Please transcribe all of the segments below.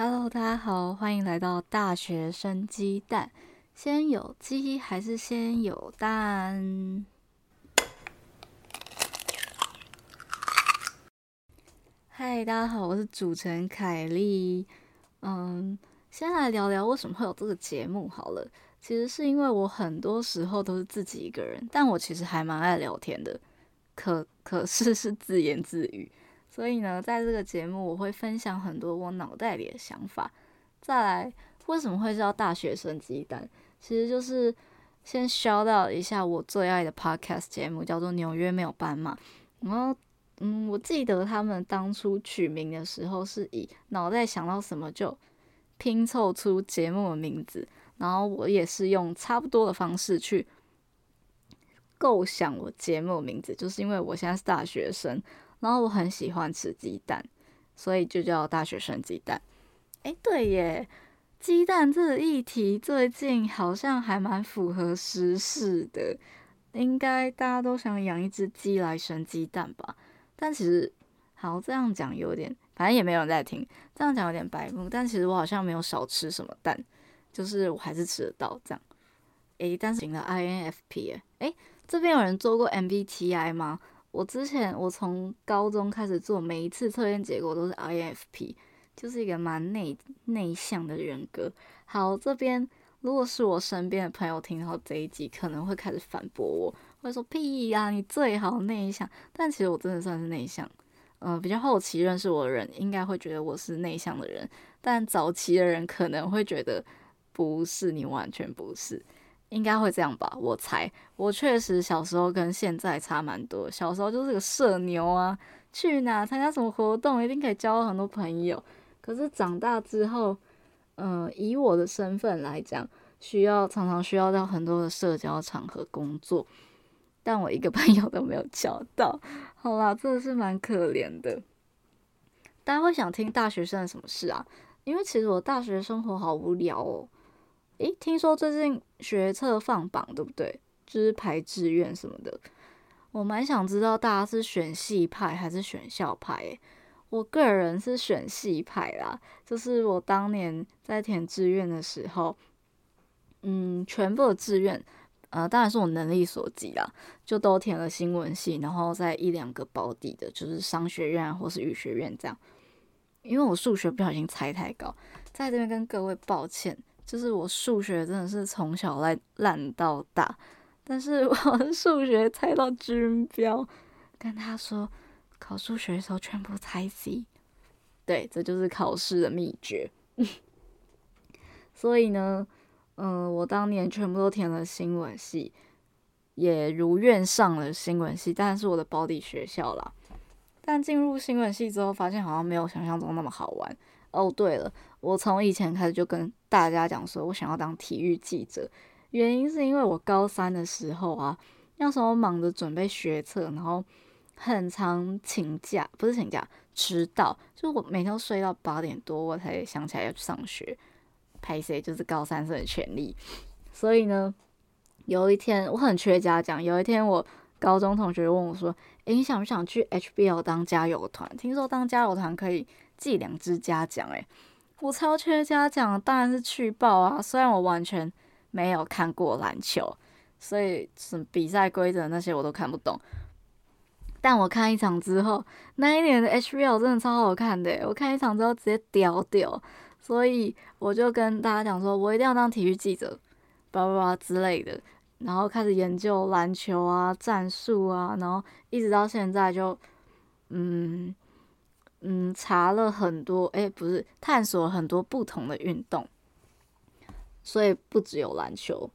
Hello，大家好，歡迎來到大學生雞蛋。先有雞還是先有蛋？Hi，大家好，我是主持人凱莉。嗯，先來聊聊為什麼會有這個節目好了。其實是因為我很多時候都是自己一個人，但我其實還蠻愛聊天的。可可是是自言自語。所以呢，在這個節目，我會分享很多我腦袋裡的想法。再來，為什麼會叫大學生雞蛋？其實就是先 shout out 一下我最愛的 podcast 節目，叫做《紐約沒有斑馬》。然後，嗯，我記得他們當初取名的時候，是以腦袋想到什麼就拼湊出節目的名字。然後，我也是用差不多的方式去構想我節目的名字，就是因為我現在是大學生。然後我很喜歡吃雞蛋，所以就叫大學生雞蛋。哎，對耶，雞蛋這議題最近好像還蠻符合時事的，應該大家都想養一隻雞來生雞蛋吧？但其實，好這樣講有點，反正也沒有人在聽，這樣講有點白目。但其實我好像沒有少吃什麼蛋，就是我還是吃得到這樣。誒，但是型的 INFP 誒，哎，這邊有人做過 MBTI 嗎？我之前我從高中開始做，每一次測驗結果都是 INFP，就是一個蠻內內向的人格。好，這邊如果是我身邊的朋友聽到這一集，可能會開始反駁我，會說“屁呀、啊，你最好內向”。但其實我真的算是內向，嗯、呃，比較後期認識我的人應該會覺得我是內向的人，但早期的人可能會覺得不是，你完全不是。應該會這樣吧，我猜。我確實小時候跟現在差蠻多，小時候就是個社牛啊，去哪參加什麼活動一定可以交到很多朋友。可是長大之後，嗯、呃，以我的身份來講，需要常常需要到很多的社交場合工作，但我一個朋友都沒有交到。好啦，真的是蠻可憐的。大家會想聽大學生的什麼事啊？因為其實我大學生活好無聊哦、喔。誒，聽說最近學測放榜，對不對？就是排志願什麼的，我蠻想知道大家是選系派還是選校派。欸，我個人是選系派啦，就是我當年在填志願的時候，嗯，全部的志願，呃，當然是我能力所及啦，就都填了新聞系，然後在一兩個保底的，就是商學院或是語學院這樣。因為我數學不小心猜太高，在這邊跟各位抱歉。就是我數學真的是從小來爛到大，但是我數學猜到均標，跟他說考數學的時候全部猜 C，對，這就是考試的秘訣。 所以呢，嗯、呃，我當年全部都填了新聞系，也如願上了新聞系，當然是我的保底學校啦。但進入新聞系之後，發現好像沒有想象中那麼好玩。哦，對了，我從以前開始就跟大家講說，我想要當體育記者，原因是因為我高三的時候啊，那時候忙着準備學測，然後很常請假，不是請假遲到，就我每天睡到八點多，我才想起來要去上學，拍誰就是高三生的權利。所以呢，有一天我很缺家講，有一天我高中同學問我說：“誒，你想不想去 HBL 當加油團？聽說當加油團可以。”記兩支嘉獎誒，我超缺嘉獎，當然是去報啊！雖然我完全沒有看過籃球，所以什麼比賽規則那些我都看不懂。但我看一場之後，那一年的 HBL 真的超好看的，欸、我看一場之後直接屌屌。所以我就跟大家講說，我一定要當體育記者，叭叭叭之類的，然後開始研究籃球啊、戰術啊，然後一直到現在就嗯。嗯，查了很多，誒、欸，不是探索了很多不同的運動，所以不只有籃球，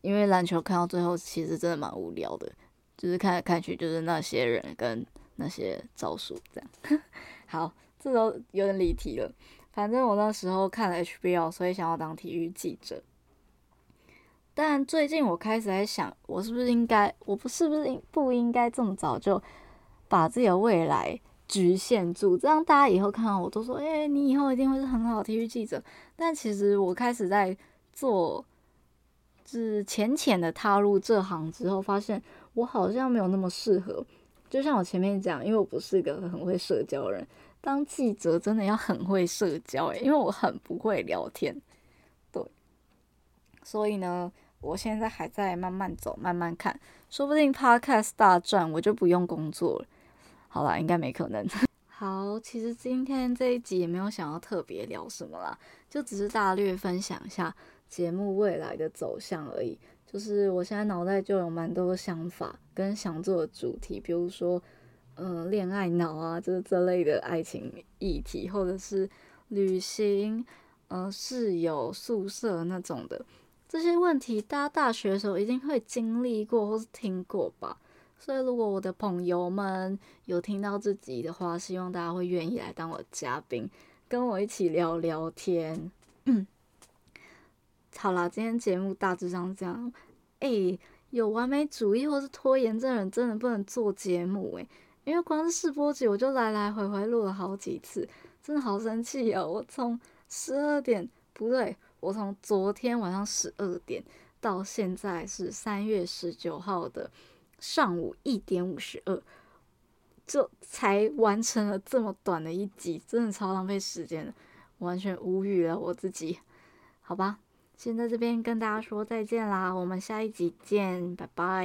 因為籃球看到最後其實真的蠻無聊的，就是看來看去就是那些人跟那些招數這樣。 好，這都有點離題了，反正我那時候看了 HBL，所以想要當體育記者。但最近我開始在想，我是不是應該，我是不是不是應不應該這麼早就把自己的未來。局限住，這樣大家以後看到我都說：“哎、欸，你以後一定會是很好的體育記者。”但其實我開始在做，就是淺淺的踏入這行之後，發現我好像沒有那麼適合。就像我前面講，因為我不是一個很會社交人，當記者真的要很會社交、欸，哎，因為我很不會聊天。對，所以呢，我現在還在慢慢走，慢慢看，說不定 Podcast 大賺我就不用工作了。好啦，應該沒可能。 好，其實今天這一集也沒有想要特別聊什麼啦，就只是大略分享一下節目未來的走向而已。就是我現在腦袋就有蠻多的想法跟想做的主題，比如說，嗯、呃，戀愛腦啊，這、就是、這類的愛情議題，或者是旅行，嗯、呃，室友宿舍那種的這些問題，大家大學的時候一定會經歷過或是聽過吧？所以，如果我的朋友們有聽到自己的話，希望大家會願意來當我的嘉賓，跟我一起聊聊天。嗯、好啦，今天節目大致上這樣。哎、欸，有完美主義或是拖延症的人真的不能做節目誒、欸，因為光是試播集，我就來來回回錄了好幾次，真的好生氣哦、喔。我從十二點，不對，我從昨天晚上十二點到現在是三月十九號的。上午一點五十二，這才完成了這麼短的一集，真的超浪費時間的，完全無語了我自己。好吧，先在這邊跟大家說再見啦，我們下一集見，拜拜。